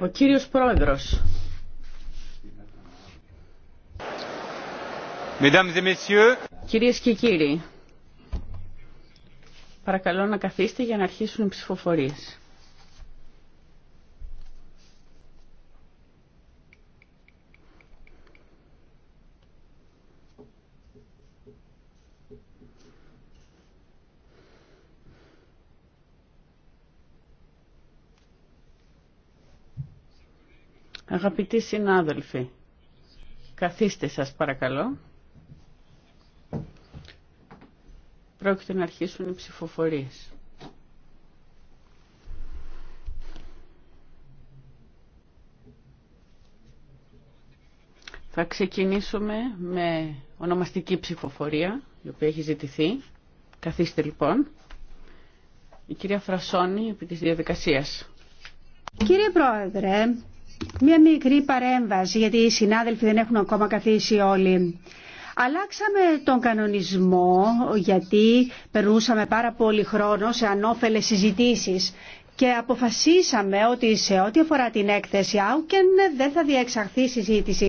Ο κύριος Πρόεδρος. Κυρίες και κύριοι, παρακαλώ να καθίστε για να αρχίσουν οι ψηφοφορίες. Αγαπητοί συνάδελφοι, καθίστε σας παρακαλώ. Πρόκειται να αρχίσουν οι ψηφοφορίες. Θα ξεκινήσουμε με ονομαστική ψηφοφορία, η οποία έχει ζητηθεί. Καθίστε λοιπόν. Η κυρία Φρασόνη επί της διαδικασίας. Κύριε Πρόεδρε, Μία μικρή παρέμβαση, γιατί οι συνάδελφοι δεν έχουν ακόμα καθίσει όλοι. Αλλάξαμε τον κανονισμό γιατί περνούσαμε πάρα πολύ χρόνο σε ανώφελες συζητήσεις και αποφασίσαμε ότι σε ό,τι αφορά την έκθεση Άουκεν δεν θα διεξαχθεί συζήτηση.